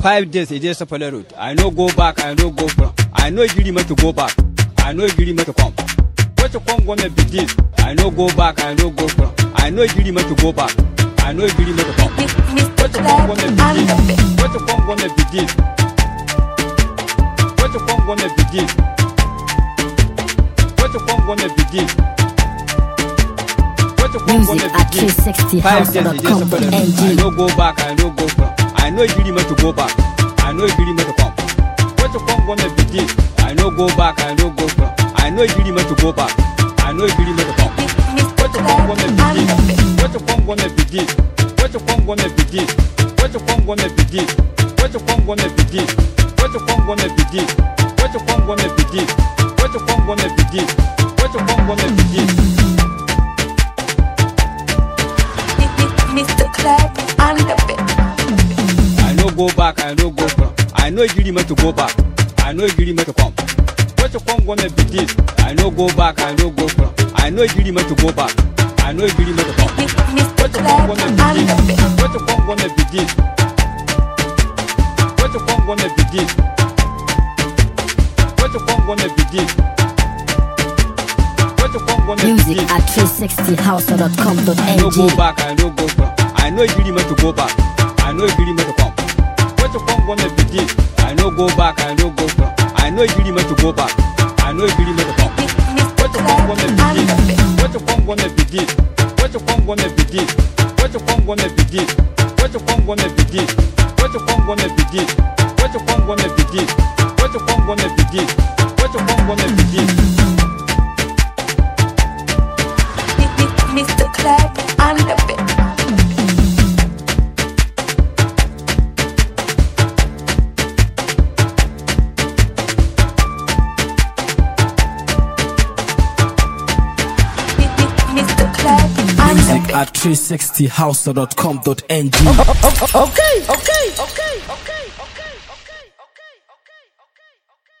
Five days, he just follow road. I know go back, I know go from. I know Giri to go back. I know Giri to come. What you come gonna be this? I know go back, I know go from. I know Giri to go back. I know Giri to come. What you come gonna be this? What you come gonna be this? What you come gonna be this? What you come gonna be this? Music at 360house.com.ng I know go back, I know go from. I know you Girima to go back. I know you Girima to come. What you come gonna be did? I know go back, I know go back. I know you Girima to go back. I know Girima to come. What the come gonna be What you come gonna be did? What you come gonna be did? What you come gonna be did? What you come gonna be did? What you come gonna be did? What you come gonna be did? What you come gonna be did? What you come gonna be did? back, I no go back. I know you meant to go back. I know you meant to come. What you come gonna be this? I no go back, I no go back. I know you meant to go back. I know you meant to come. What you come gonna be this? What you come gonna be this? What you come gonna be this? What you come gonna be this? Music at 360house.com.ng. I no go back, I no go back. I know agreement to go to come. make you come government today. I know go back, I know go back. I no agree make to go back. I know you agree make you come. What you come government today? What you come government today? What you come government today? What you come government today? What you come government today? What you come government today? What you come government today? What you come government today? What you come government today? at 360house.com.ng. Okay, okay.